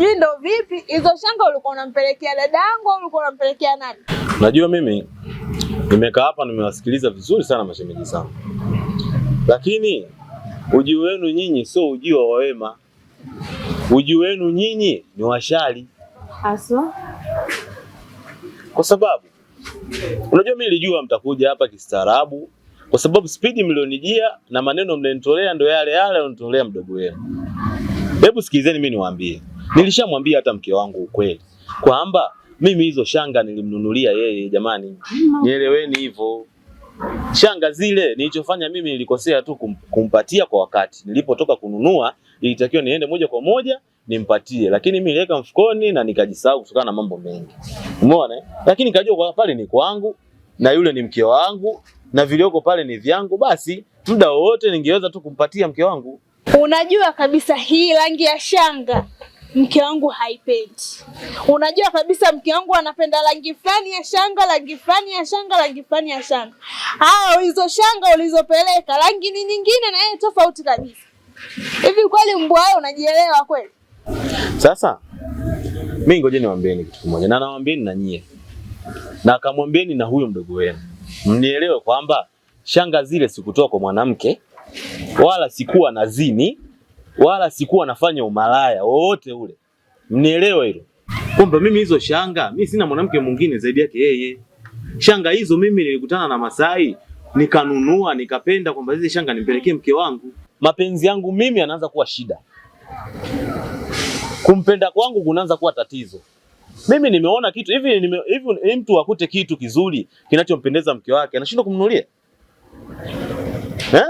sijui ndo vipi. Hizo shanga ulikuwa unampelekea dadangu au ulikuwa unampelekea nani? Najua mimi nimekaa hapa nimewasikiliza vizuri sana mashemeji zangu, lakini ujio wenu nyinyi sio ujio wa wema. Ujio wenu nyinyi ni washari haswa, kwa sababu unajua mimi nilijua mtakuja hapa kistaarabu, kwa sababu spidi mlionijia na maneno mlenitolea ndo yale yale alionitolea mdogo wenu. Hebu sikilizeni mimi niwaambie, Nilishamwambia hata mke wangu ukweli kwamba mimi hizo shanga nilimnunulia yeye. Jamani, nieleweni hivyo shanga zile, nilichofanya mimi nilikosea tu kum, kumpatia kwa wakati. Nilipotoka kununua, ilitakiwa niende moja kwa moja nimpatie, lakini mimi niliweka mfukoni na nikajisahau kutokana na mambo mengi, umeona. Eh? Lakini kajua kwa pale ni kwangu na yule ni mke wangu na vilioko pale ni vyangu, basi muda wowote ningeweza tu kumpatia mke wangu. Unajua kabisa hii rangi ya shanga mke wangu haipendi. Unajua kabisa mke wangu anapenda rangi fulani ya shanga, rangi fulani ya shanga, rangi fulani ya shanga. Ah, hizo shanga ulizopeleka rangi ni nyingine na yeye tofauti kabisa. Hivi kweli mbwa wewe unajielewa kweli? Sasa mimi ngoje niwaambieni kitu kimoja, na nawaambieni na nyie na kamwambieni na huyo mdogo wenu, mnielewe kwamba shanga zile sikutoa kwa mwanamke wala sikuwa na zini wala sikuwa nafanya umalaya wowote ule, mnielewe hilo Kumbe mimi hizo shanga mimi sina mwanamke mwingine zaidi yake yeye. Shanga hizo mimi nilikutana na Masai nikanunua nikapenda, kwamba hizi shanga nimpelekee mke wangu. Mapenzi yangu mimi yanaanza kuwa shida, kumpenda kwangu kunaanza kuwa tatizo. Mimi nimeona kitu hivi nime, hivi mtu akute kitu kizuri kinachompendeza mke wake anashindwa kumnunulia eh?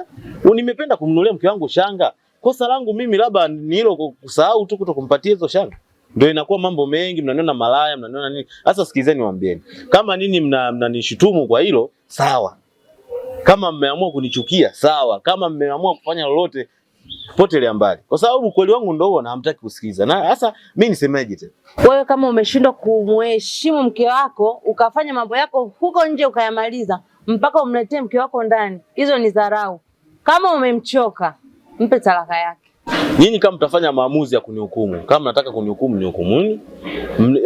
Nimependa kumnunulia mke wangu shanga, Kosa langu mimi labda ni hilo kusahau tu kuto kumpatia hizo shanga. Ndio inakuwa mambo mengi mnaniona malaya, mnaniona nini? Sasa sikizeni niwaambieni Kama nini mnanishutumu mna kwa hilo, sawa. Kama mmeamua kunichukia, sawa. Kama mmeamua kufanya lolote, potelea mbali. Kwa sababu kweli wangu ndio huo na hamtaki kusikiza. Na sasa mimi nisemeje tena? Wewe kama umeshindwa kumheshimu mke wako, ukafanya mambo yako huko nje ukayamaliza, mpaka umletee mke wako ndani. Hizo ni dharau. Kama umemchoka mpe talaka yake. Nyinyi kama mtafanya maamuzi ya kunihukumu, kama mnataka kunihukumu nihukumuni,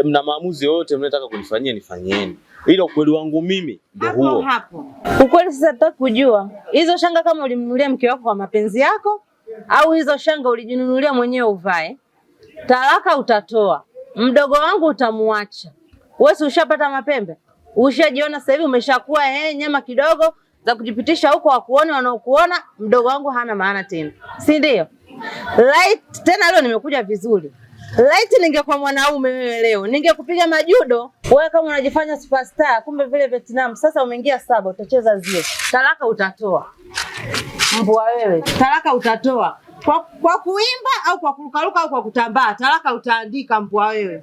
mna maamuzi yoyote mnataka kunifanyia nifanyieni, ila ukweli wangu mimi ndio huo hapo. Ukweli sasa nataka kujua hizo shanga kama ulimnunulia mke wako kwa mapenzi yako au hizo shanga ulijinunulia mwenyewe uvae. Talaka utatoa, mdogo wangu utamuacha. Wewe ushapata mapembe, ushajiona sasa hivi umeshakuwa eh, nyama kidogo za kujipitisha huko, wakuone wanaokuona, mdogo wangu hana maana tena, si ndio? Light tena leo nimekuja vizuri. Light ningekuwa mwanaume wewe leo, ningekupiga majudo. Wewe kama unajifanya superstar, kumbe vile Vietnam. Sasa umeingia saba, utacheza zile Talaka utatoa. Mbwa wewe, talaka utatoa. Kwa, kwa kuimba au kwa kurukaruka au kwa kutambaa, talaka utaandika mbwa wewe.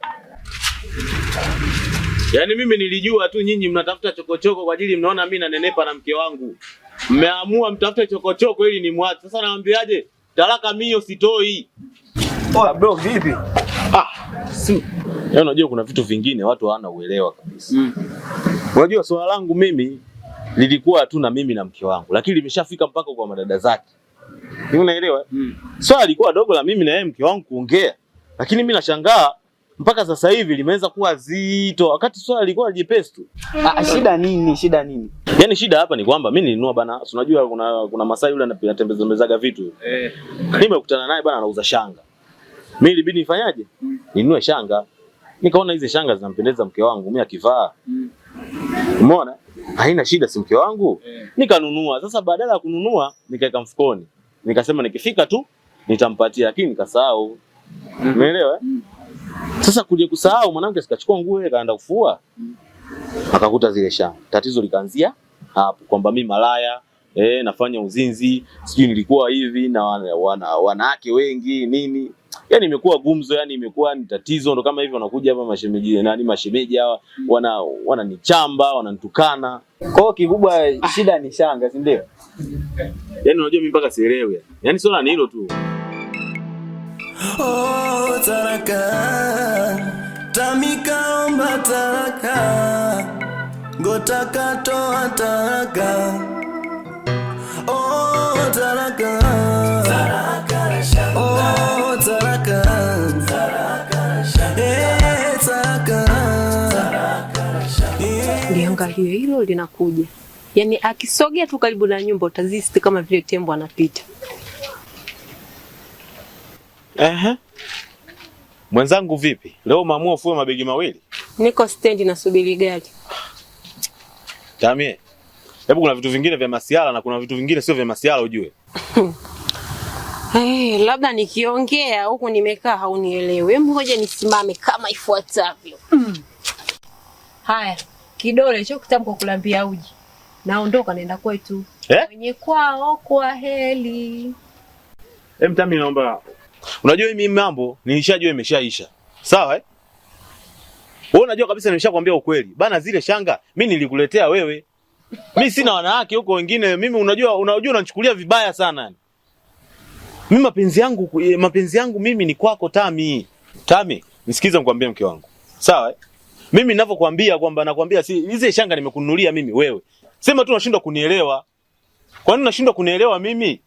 Yaani mimi nilijua tu nyinyi mnatafuta chokochoko kwa ajili mnaona mimi nanenepa na mke wangu. Mmeamua mtafute chokochoko ili nimwache. Sasa naambiaje? Talaka mimi sitoi. Poa bro, vipi? Ah, si. Yaani unajua kuna vitu vingine watu hawana uelewa kabisa. Mm. Unajua swala langu mimi lilikuwa tu na mimi na mke wangu, lakini limeshafika mpaka kwa madada zake. Unaelewa? Mm. Swala lilikuwa dogo la mimi na yeye mke wangu kuongea. Lakini mimi nashangaa mpaka sasa hivi limeweza kuwa zito, wakati swala lilikuwa jepesi tu. Ah, ah, shida nini? Shida nini? Yaani shida hapa ni kwamba mimi nilinunua bana, unajua kuna kuna Masai yule mezaga vitu eh, nimekutana naye bana, anauza shanga. Mimi ilibidi nifanyaje? Ninunue shanga, nikaona hizi shanga zinampendeza mke wangu, mimi akivaa umeona haina shida, si mke wangu eh. nikanunua. Sasa badala ya kununua nikaweka mfukoni, nikasema nikifika tu nitampatia, lakini nikasahau. Mm-hmm. Umeelewa? Eh? mm -hmm. Sasa kuja kusahau, mwanamke sikachukua nguo yake kaenda kufua, akakuta zile shanga. Tatizo likaanzia hapo kwamba mimi malaya eh, nafanya uzinzi, sijui nilikuwa hivi na wanawake wana, wana wengi nini yani imekuwa gumzo, yani imekuwa ni tatizo. Ndo kama hivyo wanakuja hapa mashemeji, nani mashemeji hawa wana wananichamba, wananitukana. Kwa hiyo kikubwa shida ni shanga, si ndio? Yani unajua mimi mpaka sielewi, yani swala ni hilo tu. oh taraka, tamikaomba taraka, ngotakatoa taraka, taraka, oh taraka, oh, eh, hilo linakuja, yaani akisogea tu karibu na nyumba utazisi kama vile tembo anapita. Aha. Mwenzangu vipi? Leo umeamua ufue mabegi mawili? Niko stendi nasubiri gari. Tamie. Hebu kuna vitu vingine vya masiala na kuna vitu vingine sio vya masiala ujue. Hey, eh, labda nikiongea huku nimekaa haunielewi. Hebu ngoja nisimame kama ifuatavyo. Mm. Haya, kidole cho kitamu kwa kulambia uji. Naondoka naenda kwetu. Eh? kwao kwa heli. Hem, Tamie naomba Unajua mimi mambo nilishajua imeshaisha. Sawa eh? Wewe unajua kabisa nimeshakwambia ukweli. Bana zile shanga mimi nilikuletea wewe. Mimi sina wanawake huko wengine. Mimi unajua unajua unachukulia vibaya sana yani. Mimi mapenzi yangu mapenzi yangu mimi ni kwako Tami. Tami, nisikize nikwambie mke wangu. Sawa eh? Mimi ninavyokuambia kwamba nakwambia si hizi shanga nimekununulia mimi wewe. Sema tu unashindwa kunielewa. Kwa nini unashindwa kunielewa mimi?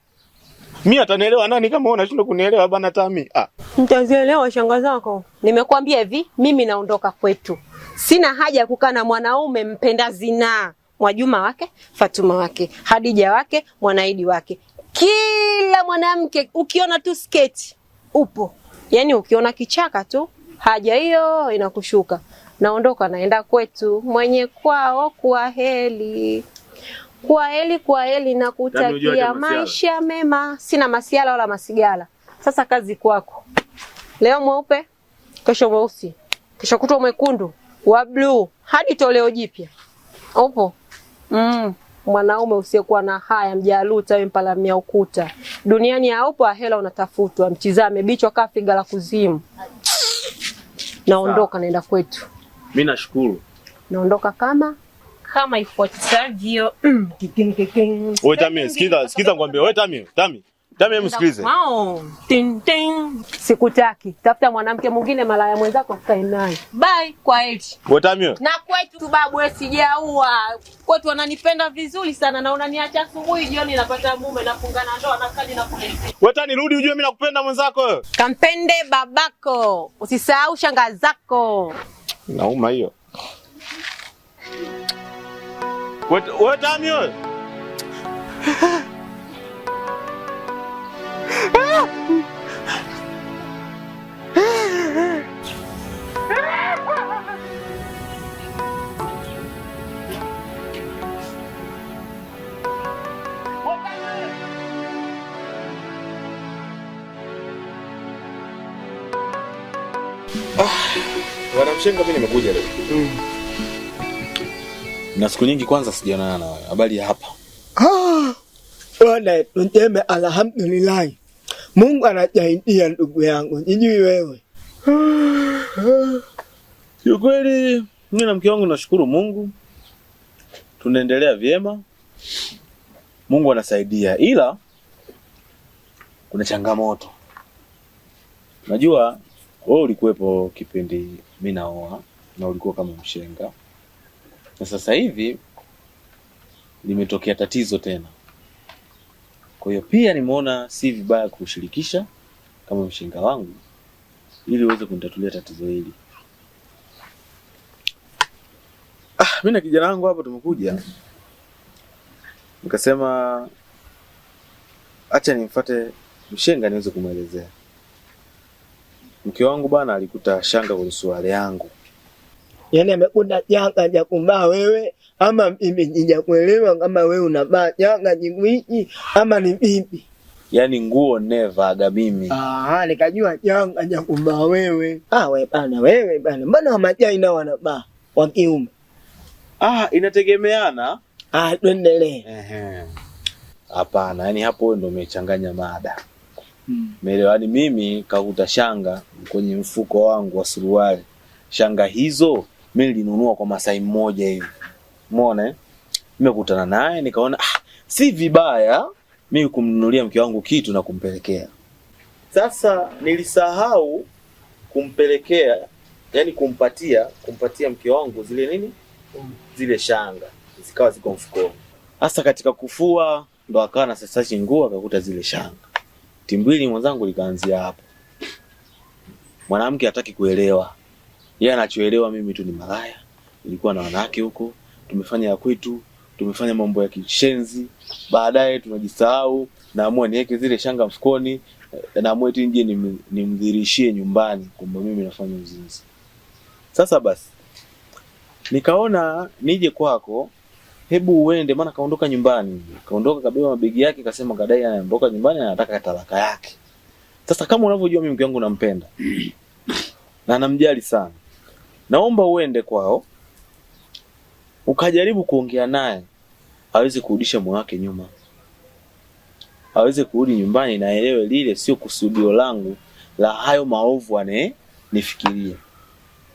Mimi atanielewa nani kama wewe unashindwa kunielewa bana Tami? Ah. Mtazielewa shanga zako. Nimekuambia hivi, mimi naondoka kwetu. Sina haja ya kukaa na mwanaume mpenda zinaa. Mwajuma wake, Fatuma wake, Hadija wake, Mwanaidi wake. Kila mwanamke ukiona tu sketi upo. Yaani ukiona kichaka tu haja hiyo inakushuka. Naondoka naenda kwetu, mwenye kwao kuwaheli. Kwa heri, kwa heri na yaani kutakia maisha mema. Sina masiala wala masigala. Sasa kazi kwako, leo mweupe, kesho mweusi, kesho kutwa mwekundu wa bluu, hadi toleo jipya. Upo mm, mwanaume usiyekuwa na haya, mjaluta wewe, mpalamia ukuta duniani, haupo. Ahela unatafutwa, mchizame bichwa kaa la kuzimu. Naondoka, naenda kwetu. Mimi nashukuru, naondoka kama kama ifuatavyo. Wewe Tami, sikiza sikiza, ngwambie wewe Tami, Tami Tami, msikilize. Sikutaki, tafuta mwanamke mwingine, malaya mwenzako akae naye. Bye kwa eti. Wewe Na kwetu tu babu, wewe sijaua. Kwetu wananipenda vizuri sana na unaniacha asubuhi, jioni napata mume, na na ndoa na kadi na kuleta. Wewe Tani, rudi ujue mimi nakupenda mwenzako. Kampende babako, usisahau shanga zako. Nauma hiyo. What what time you? Ah, wanamshenga mimi nimekuja leo. Mm na siku nyingi kwanza sijaonana nawe. Habari ya hapa? Ah, bwana alhamdulillah, Mungu anajaidia ndugu yangu, sijui wewe. Ah, ah. Kiukweli mimi na mke wangu nashukuru Mungu, tunaendelea vyema, Mungu anasaidia, ila kuna changamoto. Najua wewe ulikuwepo kipindi mimi naoa na ulikuwa kama mshenga na sasa hivi limetokea tatizo tena, kwa hiyo pia nimeona si vibaya kushirikisha kama mshenga wangu, ili uweze kunitatulia tatizo hili. Ah, mimi na kijana wangu hapa tumekuja, nikasema acha nimfuate mshenga niweze kumwelezea. Mke wangu bwana alikuta shanga kwenye suruali yangu yani amekuta janga ya kumbaa wewe, ama mimi sijakuelewa kama wewe unabaa janga jingwiji ama ni bibi yani nguo nevaga mimi ah, nikajua janga ya kumbaa wewe. Ah, we bana, wewe bana, mbona wamajai nao wanabaa wa kiume? Ah, inategemeana. Ah, tuendelee. Ehe, hapana, yani hapo ndo umechanganya mada Hmm. Melewani yaani mimi kakuta shanga kwenye mfuko wangu wa suruali. Shanga hizo mimi nilinunua kwa Masai mmoja hivi. Umeona eh? Nimekutana naye nikaona ah, si vibaya mimi kumnunulia mke wangu kitu na kumpelekea. Sasa nilisahau kumpelekea, yani kumpatia, kumpatia mke wangu zile nini? Zile shanga. Zikawa ziko mfukoni. Hasa katika kufua ndo akawa na sasa nguo akakuta zile shanga. Timbwili mwanzangu likaanzia hapo. Mwanamke hataki kuelewa. Yeye anachoelewa mimi tu ni malaya, nilikuwa na wanawake huko, tumefanya ya kwetu, tumefanya mambo ya kishenzi, baadaye tunajisahau, naamua niweke zile shanga mfukoni, eh, naamua tu nje nimdhirishie nyumbani kwamba mimi nafanya uzinzi. Sasa basi nikaona nije kwako, hebu uende, maana kaondoka nyumbani, kaondoka kabeba mabegi yake, kasema kadai anaondoka nyumbani, anataka talaka yake. Sasa kama unavyojua mimi mke wangu nampenda na namjali sana naomba uende kwao ukajaribu kuongea naye aweze kurudisha moyo wake nyuma, aweze kurudi nyumbani na elewe lile sio kusudio langu la hayo maovu anayenifikiria.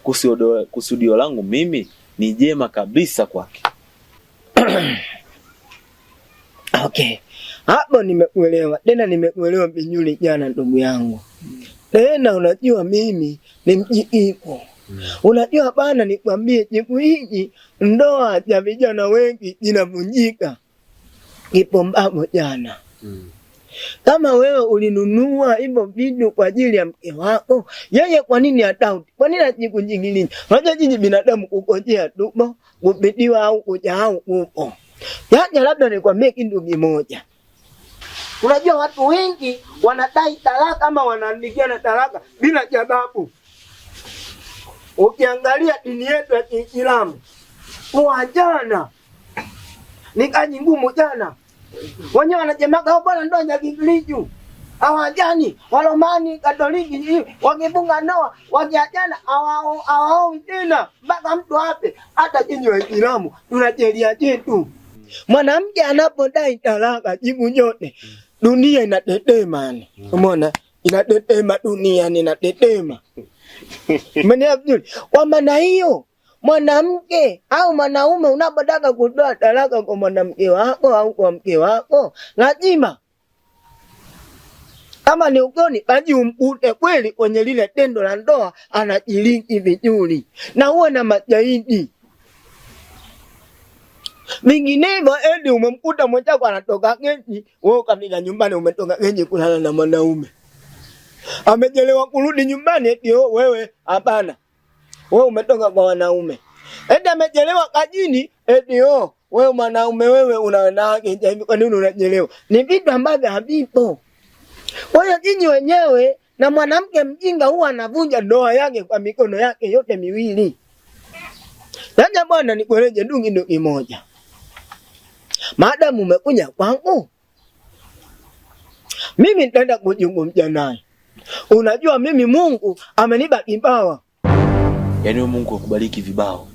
Kusudio, kusudio langu mimi ni jema kabisa kwake. Okay, hapo nimekuelewa tena, nimekuelewa Binyuli jana, ndugu yangu tena. Unajua mimi ni mjiipo Unajua bana, nikwambie jibu hili, ndoa ya vijana wengi inavunjika ipo kipombavu jana. Mm. Kama wewe ulinunua hivyo vitu kwa ajili ya mke wako, yeye kwa nini adauti? Kwa nini ajikujingilia? Unajua jiji binadamu kukojea tupo, kupidiwa au kuja au kupo. Yaani labda nikwambie kitu kimoja. Unajua watu wengi wanadai talaka ama wanaandikiana talaka bila sababu. Ukiangalia dini yetu ya Kiislamu wajana ni kazi ngumu jana, wenyewe wanajemaga oh, bwana ndoa ya Kikristo hawajani. Waromani Katoliki wakifunga ndoa wakiachana hawaoi tena mpaka mtu ape. Hata jini Waislamu tuna sheria zetu. Mwanamke anapodai talaka jibu nyote, dunia inatetema yani, umeona inatetema, dunia inatetema. Mmenielewa Kwa maana hiyo mwanamke au mwanaume unapotaka kutoa talaka kwa mwanamke wako au kwa mke wako, lazima kama ni ugoni basi umkute kweli kwenye lile tendo la ndoa, anajiliki vizuri na uwe na majaidi. Vinginevyo edi umemkuta mwenzako anatoka geji, wewe ukamlika nyumbani, umetoka geji kulala na mwanaume amejelewa kurudi nyumbani, eti oh, wewe hapana, wewe umetoka kwa wanaume. Eti amejelewa kajini, eti oh, wewe mwanaume, wewe una wanawake, hivi kwa nini unajelewa? Ni vitu ambavyo havipo. Kwa hiyo nyinyi wenyewe, na mwanamke mjinga huwa anavunja ndoa yake kwa mikono yake yote miwili. Yaja bwana, nikueleje dungi ndo kimoja. Maadamu umekuja kwangu, mimi nitaenda kuzungumza naye Unajua mimi Mungu amenipa kibao. Yaani Mungu akubariki vibao.